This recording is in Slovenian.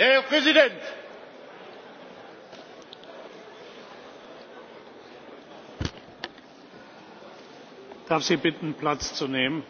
herr präsident! ich darf sie bitten platz zu nehmen.